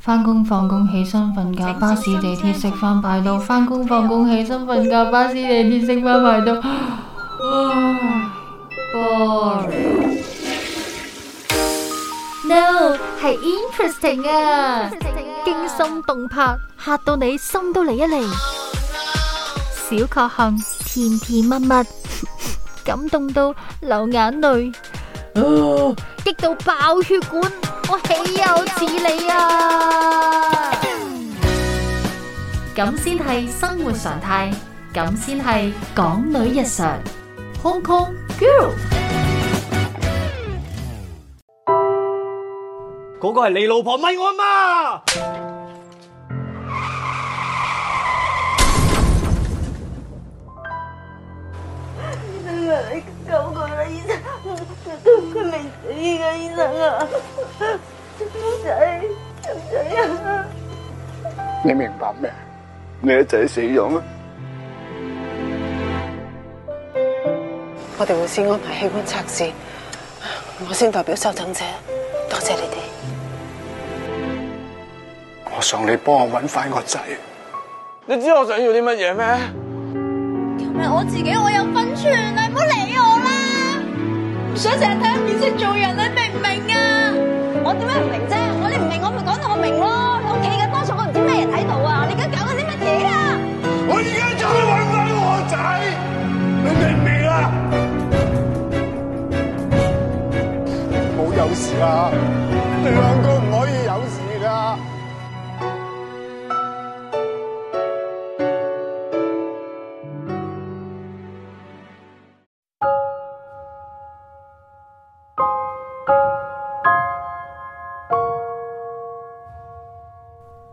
翻工放工，起身瞓覺，巴士地鐵食飯排隊。翻工放工，起身瞓覺，巴士地鐵食飯排隊。啊，boring！No，係 interesting 啊，驚心動魄，吓到你心都嚟一嚟。小確幸，甜甜蜜蜜，感動到流眼淚，激到爆血管。我豈有此理啊！咁先係生活常態，咁先係港女日常。Hong Kong girl，嗰個係你老婆咪我阿媽？你今日嚟救我嚟？佢未死㗎，醫生啊，阿仔，阿仔啊！你明白咩？你阿仔死咗咩？我哋會先安排器官測試，我先代表受贈者。多謝，謝你哋。我想你幫我搵返個仔，你知道我想要啲乜嘢咩？今日我自己我有分寸，你唔好嚟。想成日睇我唔識做人，你明唔明啊？我點解唔明啫？我你唔明，我咪講到我明咯。你屋企嘅多數，我唔知咩人喺度啊！你而家搞緊啲乜嘢啊？我而家走去揾翻我仔，你明唔明啊？冇有事啊！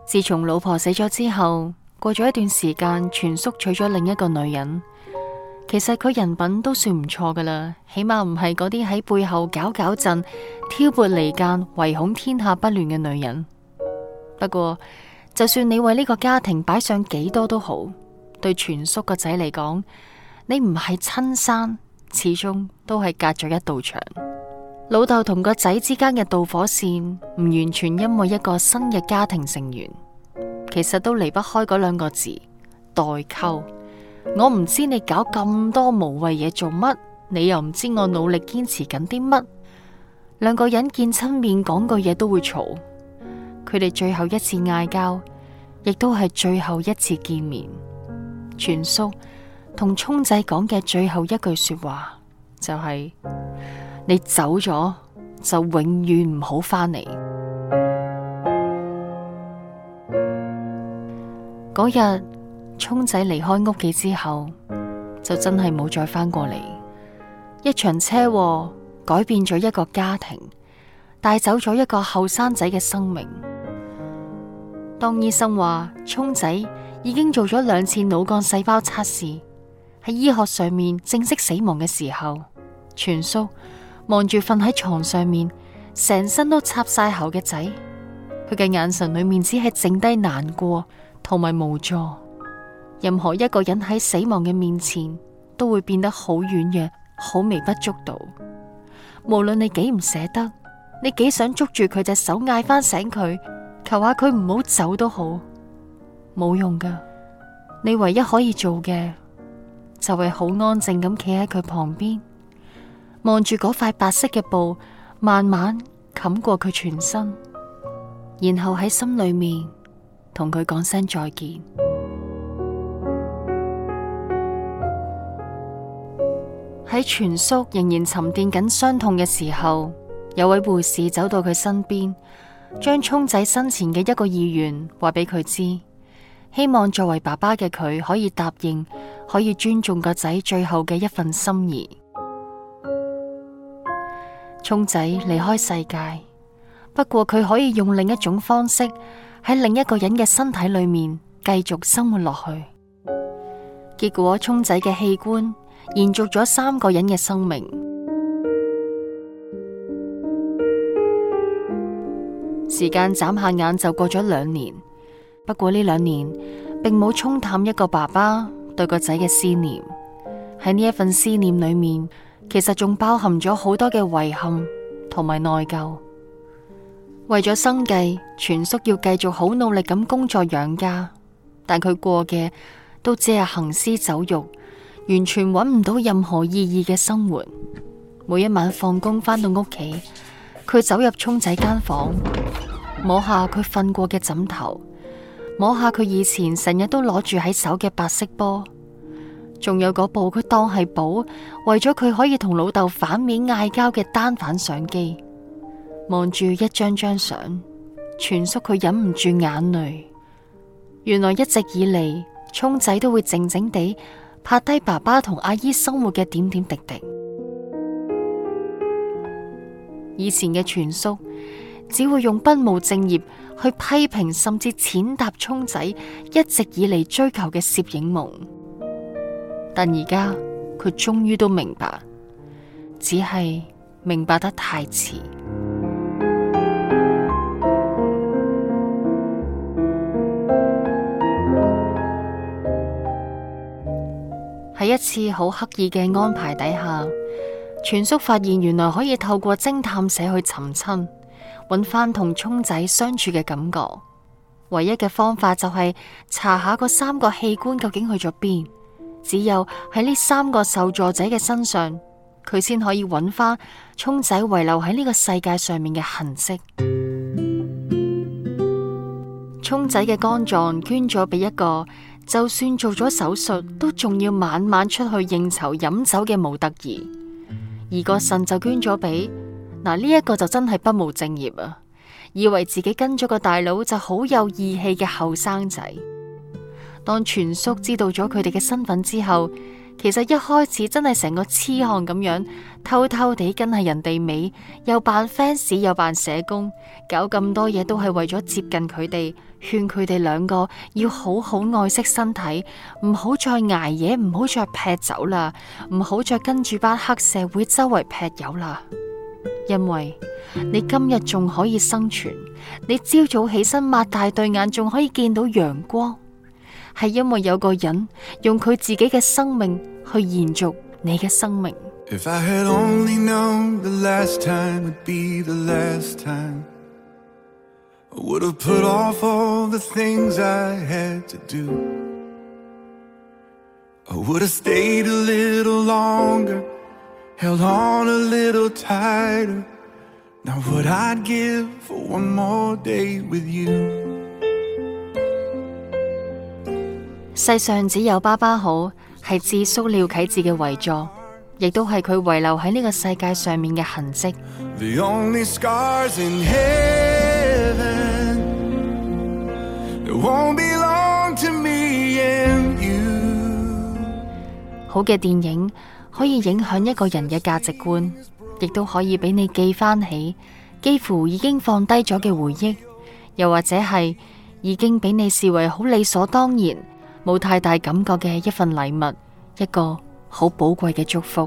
自從老婆死咗之後，過咗一段時間，全叔娶咗另一個女人。其實佢人品都算唔錯㗎喇，起碼唔係嗰啲喺背後搞搞震、挑撥離間、唯恐天下不亂嘅女人。不過，就算你為呢個家庭擺上幾多都好，對全叔個仔嚟講，你唔係親生，始終都係隔咗一道牆。老豆同個仔之間嘅導火線，唔完全因為一個新嘅家庭成員，其實都離不開嗰兩個字代溝。我唔知你搞咁多無謂嘢做乜，你又唔知我努力堅持緊啲乜。兩個人見親面講句嘢都會吵，佢哋最後一次嗌交，亦都係最後一次見面。全叔同聰仔講嘅最後一句說話就係。你走咗就永遠唔好翻嚟。嗰日聰仔離開屋企之後，就真係冇再翻過嚟。一場車禍改變咗一個家庭，帶走咗一個後生仔嘅生命。當醫生話聰仔已經做咗兩次腦幹細胞測試，喺醫學上面正式死亡嘅時候，全叔。望住瞓喺床上面，成身都插晒喉嘅仔，佢嘅眼神裏面只係剩低難過同埋無助。任何一個人喺死亡嘅面前，都會變得好軟弱，好微不足道。無論你幾唔捨得，你幾想捉住佢隻手嗌翻醒佢，求下佢唔好走都好，冇用㗎。你唯一可以做嘅，就係好安靜咁企喺佢旁邊。望住嗰塊白色嘅布，慢慢冚過佢全身，然後喺心裏面同佢講聲再見。喺 全叔仍然沉澱緊傷痛嘅時候，有位護士走到佢身邊，將聰仔生前嘅一個意願話俾佢知，希望作為爸爸嘅佢可以答應，可以尊重個仔最後嘅一份心意。聰仔離開世界，不過佢可以用另一種方式喺另一個人嘅身體裏面繼續生活落去。結果聰仔嘅器官延續咗三個人嘅生命。時間眨下眼就過咗兩年，不過呢兩年並冇沖淡一個爸爸對個仔嘅思念。喺呢一份思念裏面，其實仲包含咗好多嘅遺憾同埋內疚，為咗生計，全叔要繼續好努力咁工作養家，但佢過嘅都只係行屍走肉，完全揾唔到任何意義嘅生活。每一晚放工返到屋企，佢走入聰仔間房，摸下佢瞓過嘅枕頭，摸下佢以前成日都攞住喺手嘅白色波。仲有嗰部佢當係寶，為咗佢可以同老豆反面嗌交嘅單反相機，望住一張張相，全叔佢忍唔住眼淚。原來一直以嚟，聰仔都會靜靜地拍低爸爸同阿姨生活嘅點點滴滴。以前嘅全叔只會用不務正業去批評，甚至踐踏聰仔一直以嚟追求嘅攝影夢。但而家佢終於都明白，只係明白得太遲。喺 一次好刻意嘅安排底下，全叔發現原來可以透過偵探社去尋親，揾翻同聰仔相處嘅感覺。唯一嘅方法就係查下嗰三個器官究竟去咗邊。只有喺呢三個受助者嘅身上，佢先可以揾翻聰仔遺留喺呢個世界上面嘅痕跡。聰 仔嘅肝臟捐咗俾一個，就算做咗手術都仲要晚晚出去應酬飲酒嘅模特兒，而個腎就捐咗俾。嗱，呢一個就真係不務正業啊，以為自己跟咗個大佬就好有義氣嘅後生仔。當全叔知道咗佢哋嘅身份之後，其實一開始真係成個痴漢咁樣，偷偷地跟係人哋尾，又扮 fans 又扮社工，搞咁多嘢都係為咗接近佢哋，勸佢哋兩個要好好愛惜身體，唔好再捱夜，唔好再劈酒啦，唔好再跟住班黑社會周圍劈友啦。因為你今日仲可以生存，你朝早起身擘大對眼仲可以見到陽光，係因為有個人用佢自己嘅生命去延續你嘅生命。世上只有爸爸好，係智叔廖啟智嘅遺作，亦都係佢遺留喺呢個世界上面嘅痕迹。Heaven, 好嘅電影可以影響一個人嘅價值觀，亦都可以俾你記翻起幾乎已經放低咗嘅回憶，又或者係已經俾你視為好理所當然，冇太大感覺嘅一份禮物，一個好寶貴嘅祝福。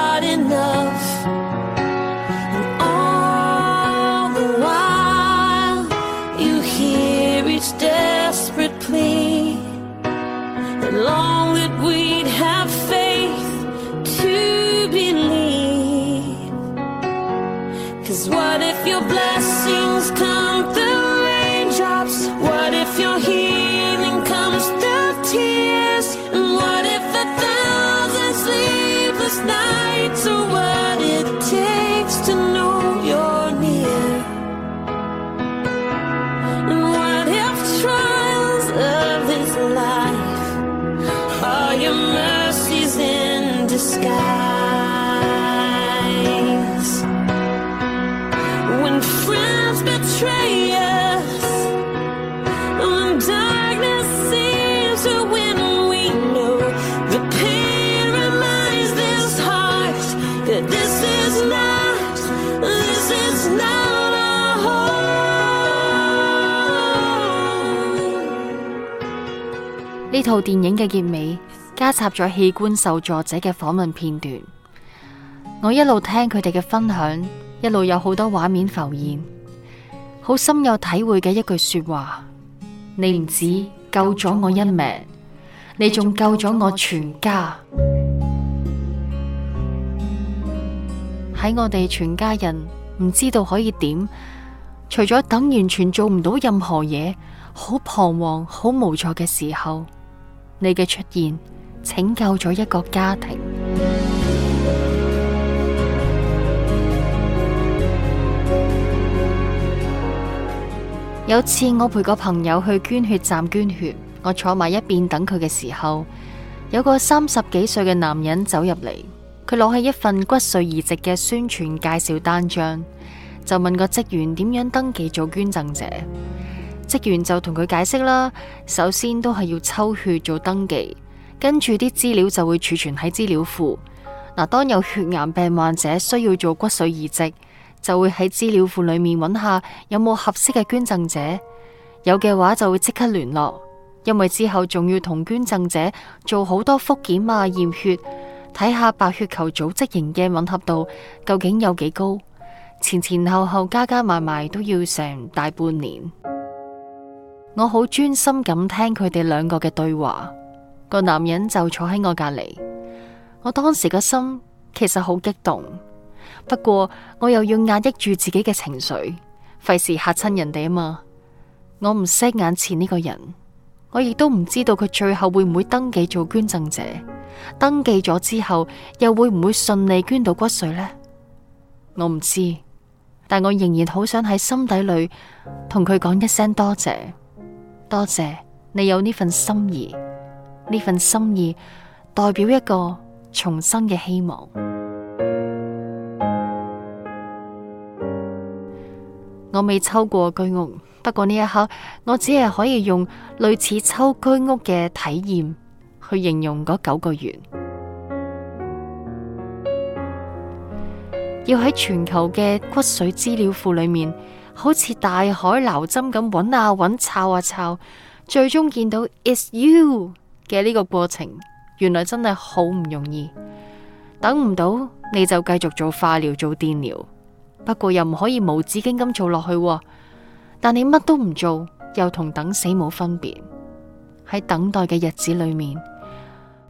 呢套電影嘅結尾加插咗器官受助者嘅訪問片段，我一路聽佢哋嘅分享，一路有好多畫面浮現，好深有體會嘅一句說話：你唔止救咗我一命，你仲救咗我全家。喺我哋全家人唔知道可以點，除咗等完全做唔到任何嘢，好彷徨、好無助嘅時候。你嘅出現拯救咗一個家庭。 有次我陪個朋友去捐血站捐血，我坐埋一邊等佢嘅時候，有個三十幾歲嘅男人走入嚟，佢攞起一份骨髓移植嘅宣傳介紹單張，就問個職員點樣登記做捐贈者。職員就同佢解釋啦，首先都係要抽血做登記，跟住啲資料就會儲存喺資料庫嗱。當有血癌病患者需要做骨髓移植，就會喺資料庫裏面揾下有冇合適嘅捐贈者，有嘅話就會即刻聯絡，因為之後仲要同捐贈者做好多複檢啊、驗血，睇下白血球組織型嘅吻合度究竟有幾高，前前後後加加埋埋都要成大半年。我好專心咁聽佢哋兩個嘅對話，個男人就坐喺我隔籬。我當時個心其實好激動，不過我又要壓抑住自己嘅情緒，費事吓親人哋啊嘛。我唔識眼前呢個人，我亦都唔知道佢最後會唔會登記做捐贈者，登記咗之後又會唔會順利捐到骨髓呢？我唔知，但我仍然好想喺心底裏同佢講一聲多謝。多謝你有呢份心意，呢份心意代表一個重生嘅希望。我未抽過居屋，不過呢一刻，我只係可以用類似抽居屋嘅體驗去形容嗰九個月。要喺全球嘅骨髓資料庫裏面。好似大海撈針咁揾啊揾，湊啊湊，最終見到 it's you 嘅呢個過程，原來真係好唔容易。等唔到你就繼續做化療、做電療，不過又唔可以無止境咁做落去。但你乜都唔做，又同等死冇分別。喺等待嘅日子裏面，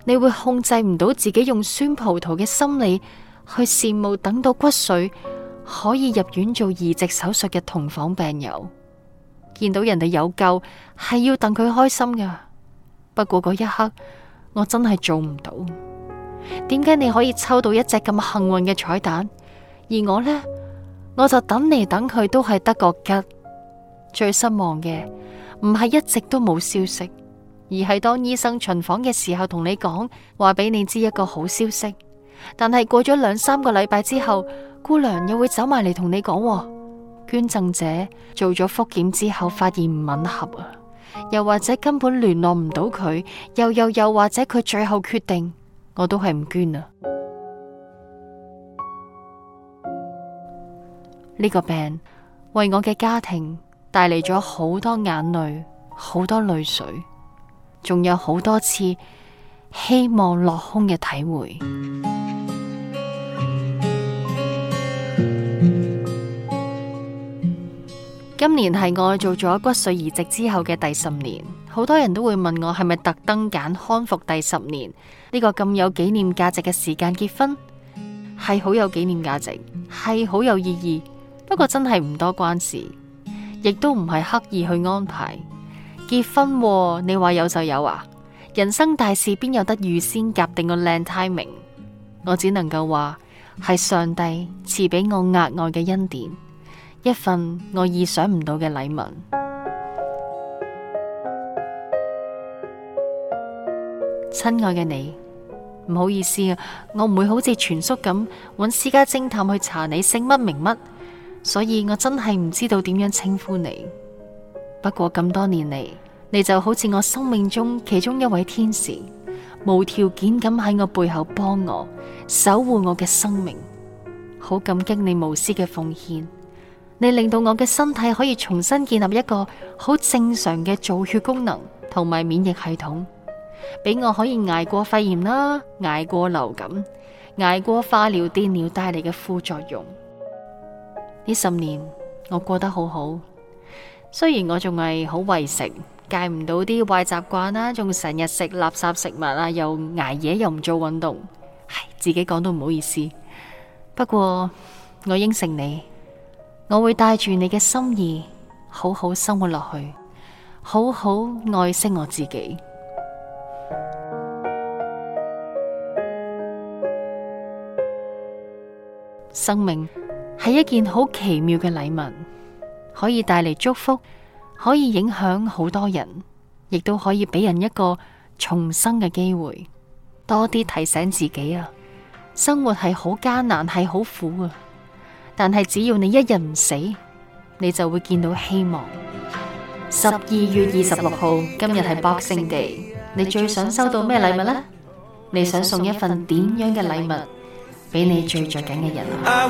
你會控制唔到自己用酸葡萄嘅心理去羨慕等到骨髓。可以入院做移植手術嘅同房病友，見到人哋有救係要等佢開心噶。不過嗰一刻我真係做唔到。點解你可以抽到一隻咁幸運嘅彩蛋？而我呢，我就等嚟等去都係得個吉。最失望嘅唔係一直都冇消息，而係當醫生巡房嘅時候同你講，話俾你知一個好消息。但係過咗兩三個禮拜之後，姑娘又會走埋嚟同你講喎，捐贈者做咗複檢之後發現唔吻合啊，又或者根本聯絡唔到佢，又又又或者佢最後決定，我都係唔捐啊！呢 個病為我嘅家庭帶嚟咗好多眼淚、好多淚水，仲有好多次希望落空嘅體會。今年係我做咗骨髓移植之後嘅第十年，好多人都會問我係咪特登揀康復第十年呢個咁有紀念價值嘅時間結婚？係好有紀念價值，係好有意義。不過真係唔多關事，亦都唔係刻意去安排結婚啊。你話有就有啊，人生大事邊有得預先夾定個靚 timing？我只能夠話係上帝賜俾我額外嘅恩典。一份我意想唔到嘅禮物，親愛嘅你，唔好意思啊，我唔會好似全叔咁搵私家偵探去查你姓乜名乜，所以我真係唔知道點樣稱呼你。不過咁多年嚟，你就好似我生命中其中一位天使，無條件咁喺我背後幫我，守護我嘅生命，好感激你無私嘅奉獻。你令到我嘅身體可以重新建立一個好正常嘅造血功能同埋免疫系統，俾我可以挨過肺炎啦，挨過流感，挨過化療、化療帶嚟嘅副作用。呢十年我過得好好，雖然我仲係好為食，戒唔到啲壞習慣啦，仲成日食垃圾食物啊，又挨夜又唔做運動，係自己講都唔好意思。不過我應承你。我會帶住你嘅心意，好好生活落去，好好愛惜我自己。生命係一件好奇妙嘅禮物，可以帶嚟祝福，可以影響好多人，亦都可以俾人一個重生嘅機會。多啲提醒自己啊，生活係好艱難，係好苦啊！但係只要你一日唔死，你就會見到希望。十二月二十六號，今日係 Boxing Day，你最想收到咩禮物呢？你想送一份點樣嘅禮物俾你最着緊嘅人啊？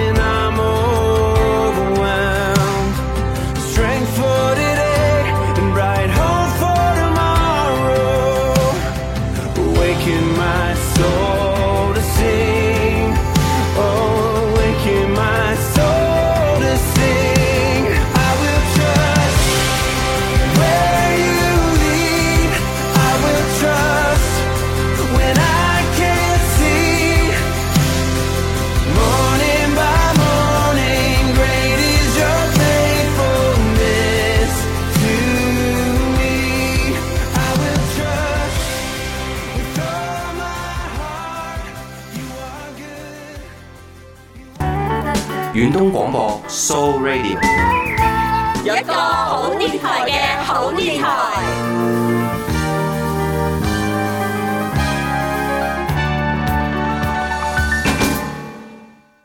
廣播 Soul Radio，有一個好電台嘅好電台。